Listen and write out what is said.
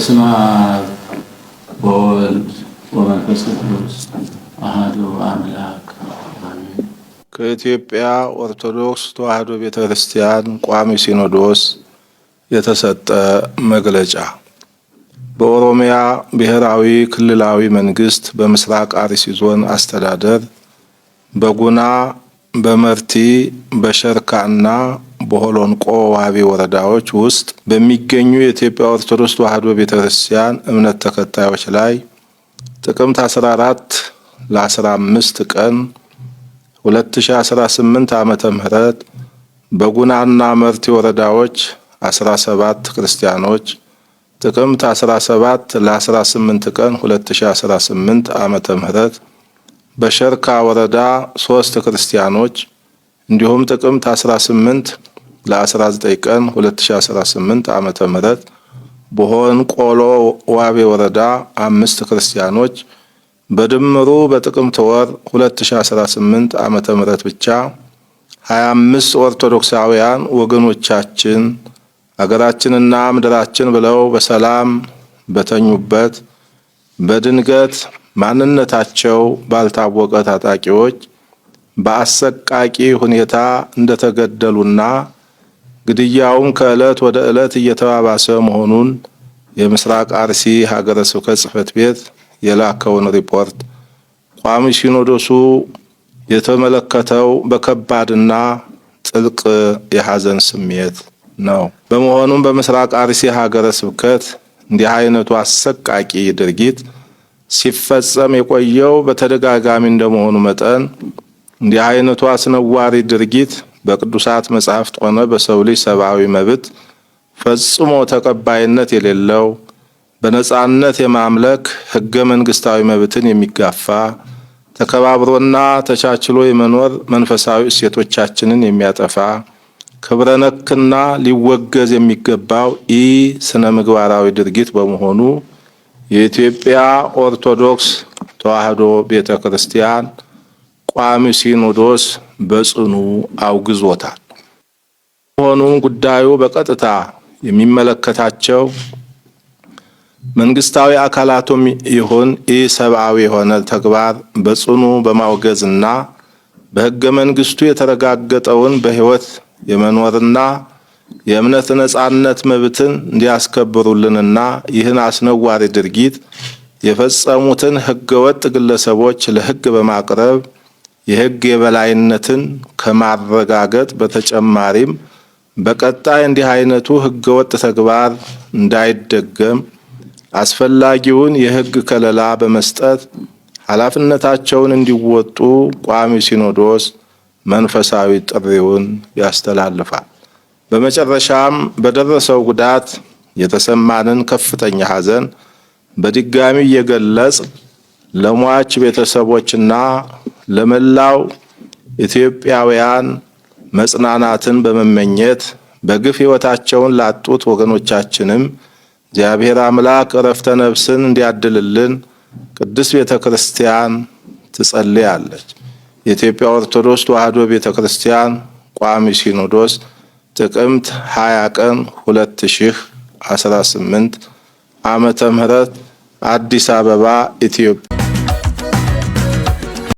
በስመ አብ ወወልድ ወመንፈስ ቅዱስ አሐዱ አምላክ ከኢትዮጵያ ኦርቶዶክስ ተዋሕዶ ቤተ ክርስቲያን ቋሚ ሲኖዶስ የተሰጠ መግለጫ በኦሮሚያ ብሔራዊ ክልላዊ መንግስት በምስራቅ አርሲ ዞን አስተዳደር በጉና በመርቲ በሸርካ እና በሆሎንቆ ዋቢ ወረዳዎች ውስጥ በሚገኙ የኢትዮጵያ ኦርቶዶክስ ተዋሕዶ ቤተ ክርስቲያን እምነት ተከታዮች ላይ ጥቅምት 14 ለ15 ቀን 2018 ዓመተ ምህረት በጉናና መርቲ ወረዳዎች 17 ክርስቲያኖች ጥቅምት 17 ለ18 ቀን 2018 ዓመተ ምህረት በሸርካ ወረዳ 3 ክርስቲያኖች እንዲሁም ጥቅምት 18 ለ19 ቀን 2018 ዓመተ ምህረት በሆን ቆሎ ዋቤ ወረዳ አምስት ክርስቲያኖች በድምሩ በጥቅምት ወር 2018 ዓመተ ምህረት ብቻ 25 ኦርቶዶክሳውያን ወገኖቻችን አገራችንና ምድራችን ብለው በሰላም በተኙበት በድንገት ማንነታቸው ባልታወቀ ታጣቂዎች በአሰቃቂ ሁኔታ እንደተገደሉና ግድያውም ከዕለት ወደ ዕለት እየተባባሰ መሆኑን የምስራቅ አርሲ ሀገረ ስብከት ጽሕፈት ቤት የላከውን ሪፖርት ቋሚ ሲኖዶሱ የተመለከተው በከባድና ጥልቅ የሐዘን ስሜት ነው። በመሆኑም በምስራቅ አርሲ ሀገረ ስብከት እንዲህ አይነቱ አሰቃቂ ድርጊት ሲፈጸም የቆየው በተደጋጋሚ እንደመሆኑ መጠን እንዲህ አይነቱ አስነዋሪ ድርጊት በቅዱሳት መጻሕፍት ሆነ በሰው ልጅ ሰብአዊ መብት ፈጽሞ ተቀባይነት የሌለው በነጻነት የማምለክ ህገ መንግስታዊ መብትን የሚጋፋ ተከባብሮና ተቻችሎ የመኖር መንፈሳዊ እሴቶቻችንን የሚያጠፋ ክብረ ነክና ሊወገዝ የሚገባው ኢ ስነ ምግባራዊ ድርጊት በመሆኑ የኢትዮጵያ ኦርቶዶክስ ተዋሕዶ ቤተ ክርስቲያን ቋሚ ሲኖዶስ በጽኑ አውግዞታል። ሆኑም ጉዳዩ በቀጥታ የሚመለከታቸው መንግስታዊ አካላቱም ይሁን ይህ ሰብአዊ የሆነ ተግባር በጽኑ በማውገዝና በሕገ መንግስቱ የተረጋገጠውን በሕይወት የመኖርና የእምነት ነጻነት መብትን እንዲያስከብሩልንና ይህን አስነዋሪ ድርጊት የፈጸሙትን ሕገወጥ ግለሰቦች ለሕግ በማቅረብ የህግ የበላይነትን ከማረጋገጥ በተጨማሪም በቀጣይ እንዲህ አይነቱ ህገወጥ ተግባር እንዳይደገም አስፈላጊውን የህግ ከለላ በመስጠት ኃላፊነታቸውን እንዲወጡ ቋሚ ሲኖዶስ መንፈሳዊ ጥሪውን ያስተላልፋል። በመጨረሻም በደረሰው ጉዳት የተሰማንን ከፍተኛ ሐዘን በድጋሚ እየገለጽ ለሟች ቤተሰቦችና ለመላው ኢትዮጵያውያን መጽናናትን በመመኘት በግፍ ሕይወታቸውን ላጡት ወገኖቻችንም እግዚአብሔር አምላክ እረፍተ ነፍስን እንዲያድልልን ቅዱስ ቤተ ክርስቲያን ትጸልያለች። የኢትዮጵያ ኦርቶዶክስ ተዋሕዶ ቤተ ክርስቲያን ቋሚ ሲኖዶስ ጥቅምት 20 ቀን 2018 ዓመተ ምህረት አዲስ አበባ ኢትዮጵያ